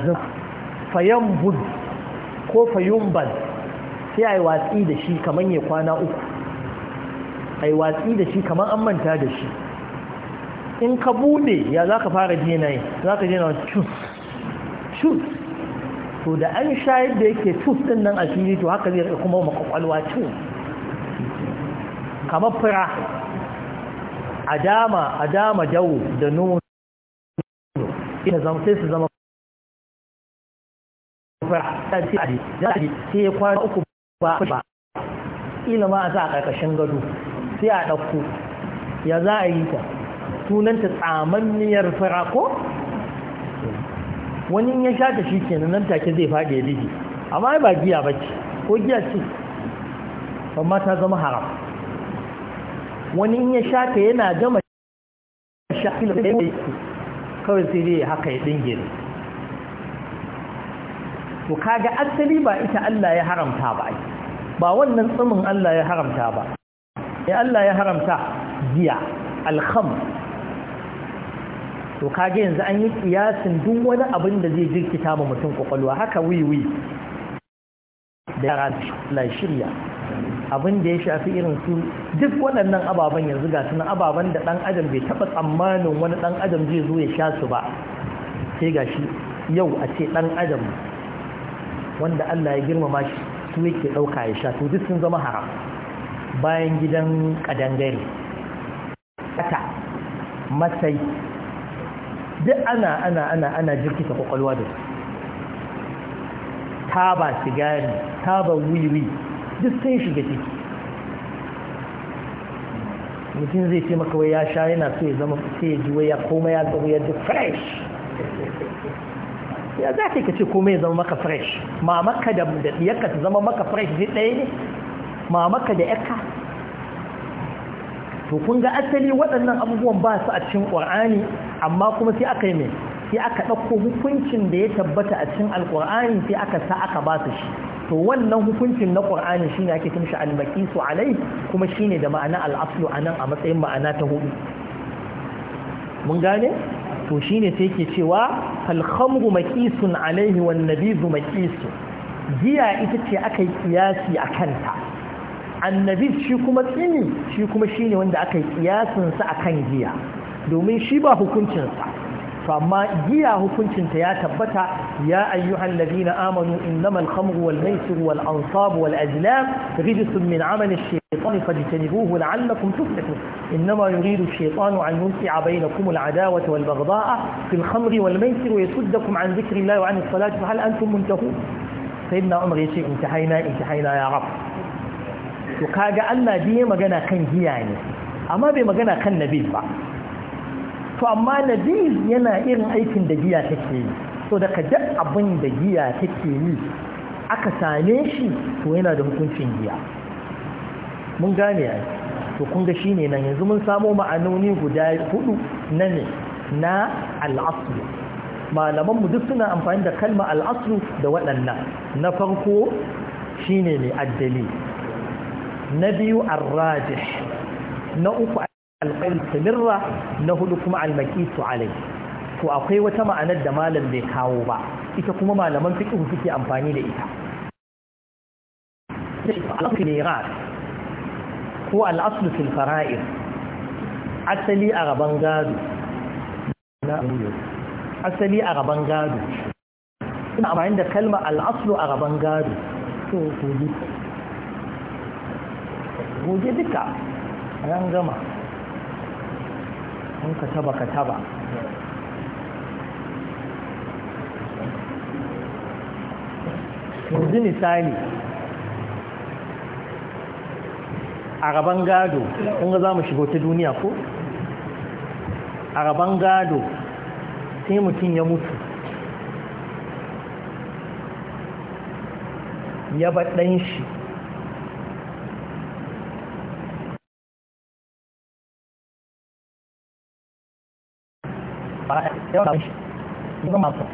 zuma fayan bud ko fayon bal sai a yi watsi da shi kaman ya kwana uku a yi watsi da shi kaman an manta da shi in ka bude ya za ka fara jina yi za ka jina cus cus to da an shayar da yake cus din nan a fili to haka zai kuma makwakwalwa cus kamar fura a dama a dama dawo da nuna ita zama sai su zama fura ta ce a jari sai ya kwana uku ba ba ilima a sa a ƙarƙashin gado sai a ɗauko ya za a yi ta sunanta tsamanniyar fara ko wani ya sha ta shi na nan take zai faɗi ya liji amma ba giya ba ce ko giya ce amma ta zama haram wani ya sha ta yana gama shakil da ya yi kawai sai dai haka ya ne to kaga asali ba ita Allah ya haramta ba ba wannan tsamin Allah ya haramta ba ya Allah ya haramta giya alkham to kage yanzu an yi kiyasin duk wani abin da zai jirkita ma mutum kwakwalwa haka wiwi da yara la shirya abin da ya shafi irin su duk waɗannan ababen yanzu ga suna ababen da ɗan adam bai taɓa tsammanin wani ɗan adam zai zo ya sha su ba sai ga shi yau a ce ɗan adam wanda Allah ya girmama shi su yake ɗauka ya sha to duk sun zama haram bayan gidan ƙadangare ƙata masai duk ana ana ana ana jirkita kwakwalwa da taba sigari taba wiwi duk sai shiga ciki mutum zai ce maka ya sha yana so ya zama sai ya ji waya koma ya zama ya duk fresh ya za ka ce koma ya zama maka fresh mamaka da ɗiyarka ta zama maka fresh zai ɗaya ne mamaka da ƴarka to kun ga asali waɗannan abubuwan ba su a cikin ƙwar'ani amma kuma sai aka yi mai sai aka ɗauko hukuncin da ya tabbata a cikin alƙwar'ani sai aka sa aka ba su shi to wannan hukuncin na ƙwar'ani shi ne ake tumshi almakisu alai kuma shi ne da ma'ana al'aflu a nan a matsayin ma'ana ta hudu mun gane to shi ne sai ke cewa alhamdu makisun alaihi wan zu makisu giya ita ce aka yi kiyasi a kanta annabi shi kuma tsini shi kuma shi ne wanda aka yi kiyasinsa a kan giya domin shi ba hukuncinsa amma giya hukuncinta ya tabbata ya ayyuhan ladina amanu innamal khamru wal maisir wal ansabu wal azlam rijsun min amali الشيطان فاجتنبوه لعلكم تفلحون إنما يريد الشيطان أن ينسع بينكم العداوة والبغضاء في الخمر والميسر ويصدكم عن ذكر الله وعن hal antum أنتم sayyidina سيدنا عمر يشيء انتهينا انتهينا ya rab to kaga Allah bi ya magana kan giya ne amma bai magana kan nabi ba to amma nabi yana irin aikin da giya take yi so da kaje abin da giya take yi aka same shi to yana da hukuncin giya mun gane ai to kun ga shine nan yanzu mun samo ma'anoni guda hudu na ne na al'aslu malaman mu duk suna amfani da kalma al'aslu da waɗannan na farko shine ne addali na biyu arrajih na uku alƙail tamirra na hudu kuma Al-Maqid almakitu alai to akwai wata ma'anar da malam bai kawo ba ita kuma malaman fiqh suke amfani da ita ko al'aslu fil fara'id asali a gaban gado asali a gaban gado ina amfani da kalmar al'aslu a gaban gado to to goge duka ran gama in ka taba ka taba yanzu misali a rabon gado in ga za mu shigo ta duniya ko a rabon gado sai mutum ya mutu ya baɗan shi yawan abin shi zama masu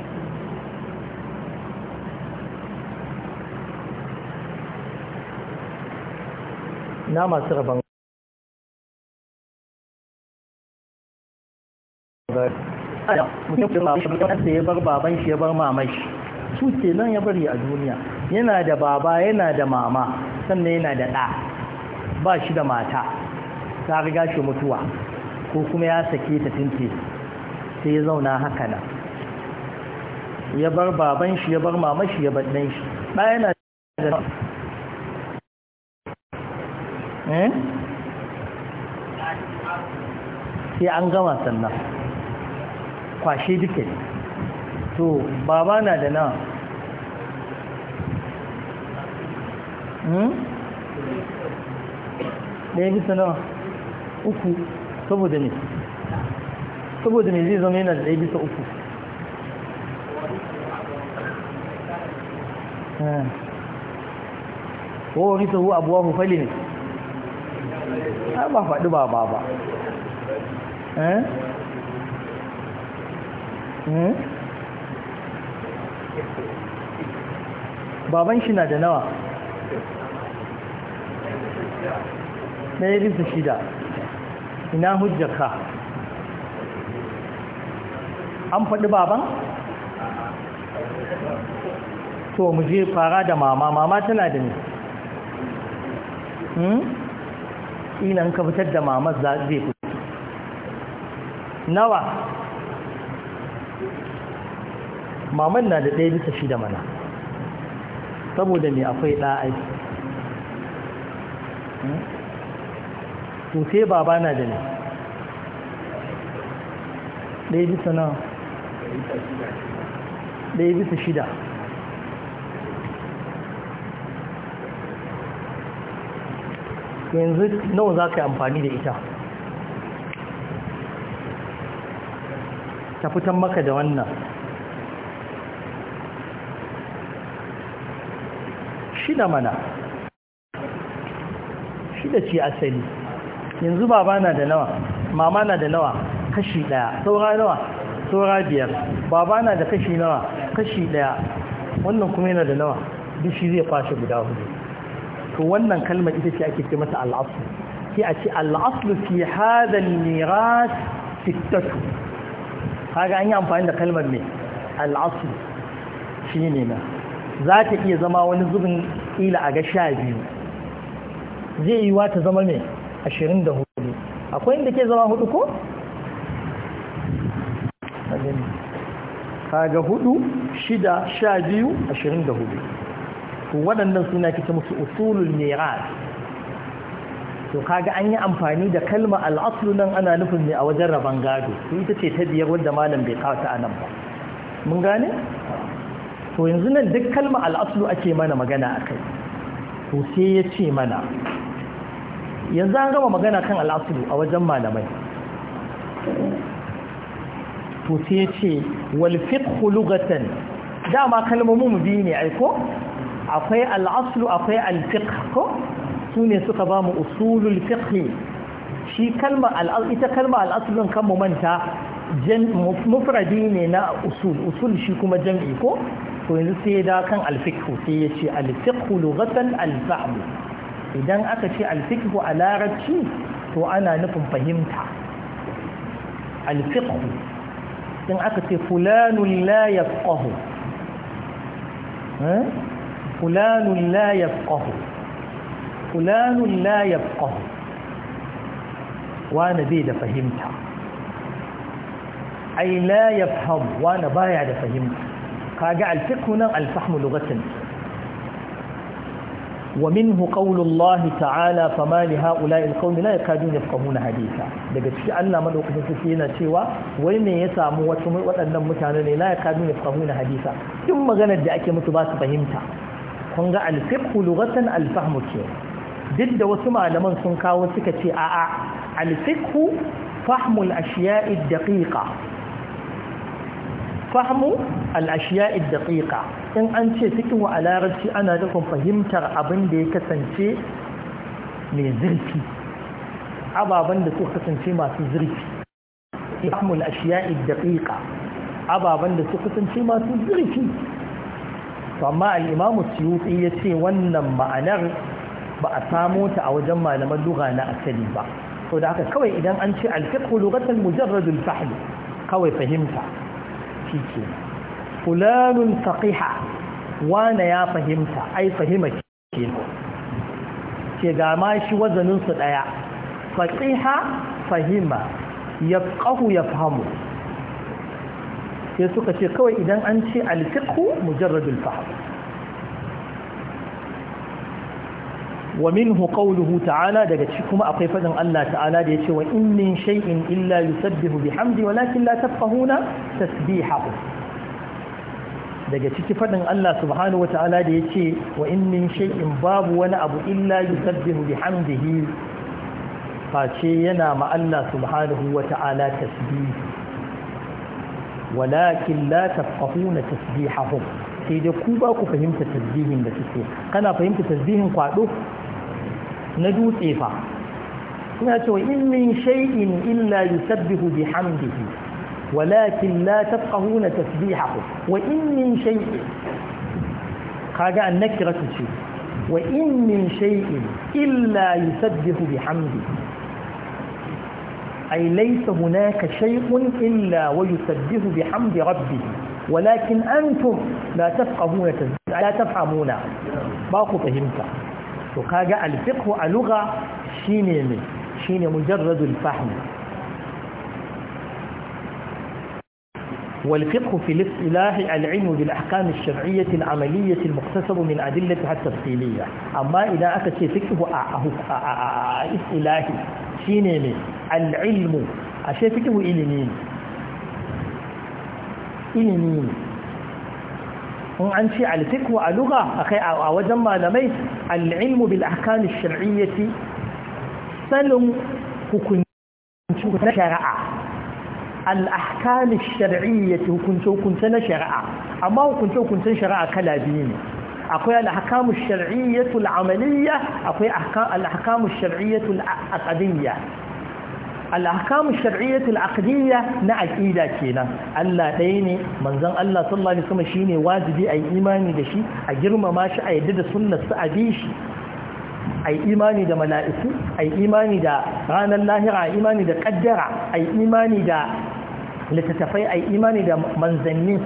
na masu rabon mutum ya bar baban shi ya bar mamai su ke nan ya bari a duniya yana da baba yana da mama sannan yana da ɗa ba shi da mata ta riga shi mutuwa ko kuma ya sake ta tinke sai ya zauna haka nan ya bar baban shi ya bar mama shi ya bar shi ɗaya na da eh? sai an gama sannan kwashe duka ne to baba na da na hmm? ɗaya bisa nawa uku saboda ne saboda ne zai zama yana da ɗaya bisa uku eh. ko wani sahu abuwa mu fali ne ah, ba faɗi ba ba ba eh? hmm? baban shi na da nawa ɗaya bisa shida ina hujjar ka an faɗi baban to mu je fara da mama mama tana da ne hmm? inan ka fitar da mama zai kusa. nawa maman na da ɗaya bisa shida mana saboda ne akwai ɗa'ai hmm? to sai baba na da ne ɗaya bisa nawa ɗaya bisa shida yanzu nawa za ka yi amfani da ita ta fitan maka da wannan shida mana shida ce asali yanzu baba na da nawa mama na da nawa kashi daya saura nawa sura biyar baba na da kashi nawa kashi daya wannan kuma yana da nawa duk shi zai kwashe guda hudu to wannan kalmar ita ce ake ce mata al'asu sai a ce al'asu fi hadha al-miras sittatu kaga an yi amfani da kalmar me al'asu shine na za ta iya zama wani zubin ila a ga sha biyu zai yi wa ta zama mai ashirin da hudu akwai inda ke zama hudu ko kaga hudu shida sha biyu ashirin da hudu waɗannan suna kita musu usulul miras to kaga an yi amfani da kalma al'aslu nan ana nufin ne a wajen rabon gado to ita ce ta biyar wadda malam bai kawata a nan ba mun gane to yanzu nan duk kalma al'aslu ake mana magana a kai to sai ya ce mana yanzu an gama magana kan al'aslu a wajen malamai to sai ya ce walfiqhu lugatan dama kalmomin bi ne aiko akwai al'aslu akwai alfiqh ko sune suka ba mu usulul fiqh shi kalma al'aslu ita kalma al'aslun kan mu manta mufradi ne na usul usul shi kuma jam'i ko to yanzu sai da kan alfiqh sai ya ce alfiqh lughatan al-fahm idan aka ce alfiqh a larabci to ana nufin fahimta alfiqh in aka ce fulanun la yafqahu fulanun la yafqahu fulanun la yafqahu wani bai da fahimta ai la yafham wani baya da fahimta kaga alfiqhu nan alfahmu lughatan ومنه قول الله تعالى فما لهؤلاء القوم لا يكادون يفقهون حديثا daga cikin Allah madaukakin sarki yana cewa wai me ya samu wasu waɗannan mutane ne la yakadun yafqahuna hadisa duk maganar da ake musu ba su fahimta kun ga al-fiqh lughatan al ke duk da wasu malaman sun kawo suka ce a'a al-fiqh fahm al-ashiya'i ad-daqiqa fahm in an ce cikin a larabci ana nufin fahimtar abin da ya kasance mai zurfi ababen da suka kasance masu zurfi ihmul ashiya'i ƙiƙa ababen da suka kasance masu zurfi to amma al'imamu imam ya ce wannan ma'anar ba a samo ta a wajen malaman lugha na asali ba to da haka kawai idan an ce al-fiqh lughatan mujarrad al kawai fahimta shikenan fulanun faqiha wane ya fahimta ai fahima kenan ce ga ma shi wazanin su daya faqiha fahima yafqahu yafhamu sai suka ce kawai idan an ce alfiqhu mujarradul fahm wa minhu qawluhu ta'ala daga ci kuma akwai fadin Allah ta'ala da ce wa in min shay'in illa yusabbihu bihamdi walakin la tafqahuna tasbihahu daga ciki faɗin Allah subhanahu wata'ala da ya ce wa in min shay'in babu wani abu illa yusabbihu bihamdihi face yana ma Allah subhanahu wata'ala tasbih walakin la tafqahuna tasbihahum sai da ku ba ku fahimta tasbihin da suke kana fahimta tasbihin kwado na dutse fa suna cewa in min shay'in illa yusabbihu bihamdihi ولكن لا تفقهون تسبيحه وإن من شيء خاجع النكرة شيء وإن من شيء إلا يسبح بحمده أي ليس هناك شيء إلا ويسبح بحمد ربه ولكن أنتم لا تفقهون تسبيح لا تفهمون باقو فهمت وكاجا الفقه اللغة يعني شيء مجرد الفهم والفقه في الاصطلاح العلم بالأحكام الشرعية العملية المقتصر من أدلتها التفصيلية أما إذا أتت فقه اصطلاحي شيني العلم اشي فقه إلمين إلمين in an ce alfiqhu a lugha akai a wajen malamai al'ilmu bil ahkam ash-shar'iyyati salun hukunci al'ahkami shari'iyya ce hukunce-hukunce na shari'a amma hukunce-hukuncen shari'a kala biyu ne akwai al'ahkamu shari'iyyatul amaliyya akwai al'ahkamu shari'iyyatul aqdiyya al'ahkamu shari'iyyatul aqdiyya na aqida kenan Allah ɗaya ne manzon Allah sallallahu alaihi wasallam shine wajibi a imani da shi a girmama shi a yadda da sunnar sa a bi shi a imani da mala'iku a imani da ranar lahira a imani da kaddara a imani da littattafai a imani da manzanni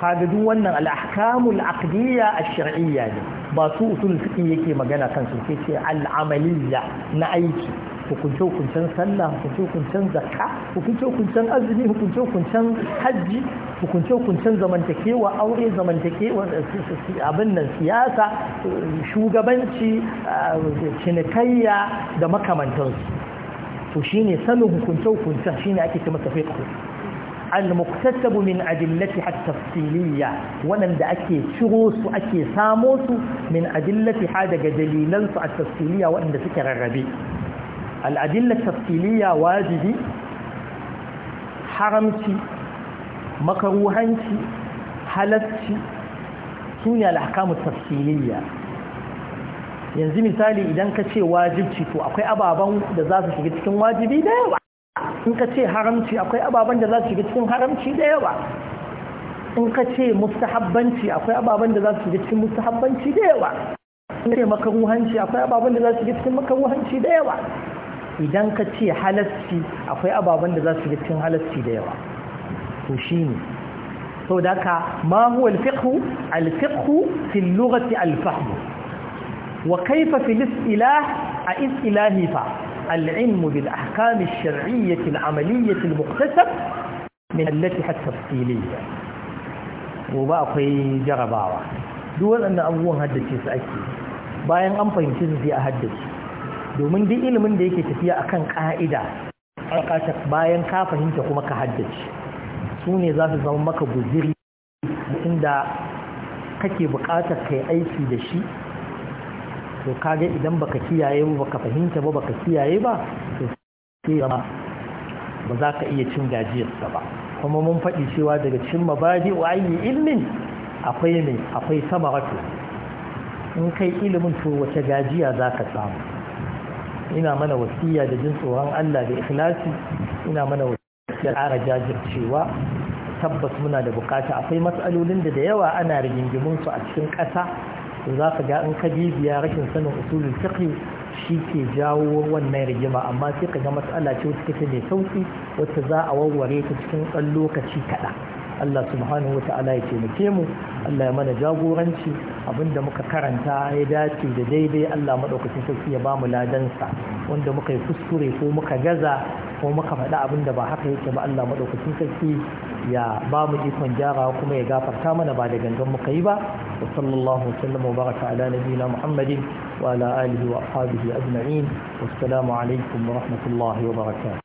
kaga duk wannan al'ahkamul aqdiyya ash-shar'iyya ne ba su usul fiqi yake magana kan su ke ce al'amaliyya na aiki hukunce hukuncen sallah hukunce hukuncen zakka hukunce hukuncen azumi hukunce hukuncen hajji hukunce hukuncen zamantakewa aure zamantakewa abin nan siyasa shugabanci cinikayya da makamantansu to shine sanin hukunce hukuncen shine ake ce masa fiqh المكتسب من أدلتها التفصيلية ولن أكي شروس أكي ساموس من أدلتها دق دليلنس التفصيلية وأن ذكر الربي الأدلة التفصيلية واجبي حرمتي مكروهنتي حلفتي سنة الأحكام التفصيلية yanzu misali idan ka ce wajibci to akwai ababen da za su shiga cikin wajibi da yawa in ka ce haramci akwai ababen da za su shiga cikin haramci da yawa in ka ce mustahabbanci akwai ababen da za su shiga cikin mustahabbanci da yawa in ka ce makaruhanci akwai ababen da za su shiga cikin makaruhanci da yawa idan ka ce halasci akwai ababen da za su shiga cikin halasci da yawa to shine sau da ka ma huwa alfiqhu alfiqhu fi lughati alfahm wa kaifa fi ilah a is ilahi fa العلم بالأحكام الشرعية العملية المختصر من التي حتى تفصيلية وباقي جرباوة دول أن أبوه هدتي سأكي bayan an fahimci su sai a haddace domin duk ilimin da yake tafiya akan ka'ida alƙata bayan ka fahimta kuma ka haddace su ne za su zama maka guziri inda kake buƙatar kai aiki da shi to kaga idan baka kiyaye ba baka fahimta ba baka kiyaye ba to sai ba ba za ka iya cin gajiyarsa ba kuma mun faɗi cewa daga cin mabadi wa ayi ilmin akwai ne akwai samaratu in kai ilimin to wace gajiya za ka samu ina mana wasiya da jin tsoron Allah da ikhlasi ina mana wasiya da ara jajircewa tabbas muna da bukata akwai matsalolin da da yawa ana rigingimin su a cikin ƙasa to za ka ga in ka bibiya rashin sanin usulul fiqh shi ke jawo wannan rigima amma sai ka ga matsala ce wacce take mai sauki wacce za a warware ta cikin ɗan lokaci kaɗan Allah subhanahu wata'ala ya taimake mu Allah ya mana jagoranci abinda muka karanta ya dace da daidai Allah maɗaukacin sarki ya bamu ladansa wanda muka yi kuskure ko muka gaza ko muka faɗi abinda ba haka yake ba Allah maɗaukacin sarki ya bamu ikon gyara kuma ya gafarta mana ba da gangan muka yi ba wa sallallahu wa baraka ala nabiyina Muhammadin wa ala alihi wa ashabihi ajma'in wassalamu alaikum wa rahmatullahi wa barakatuh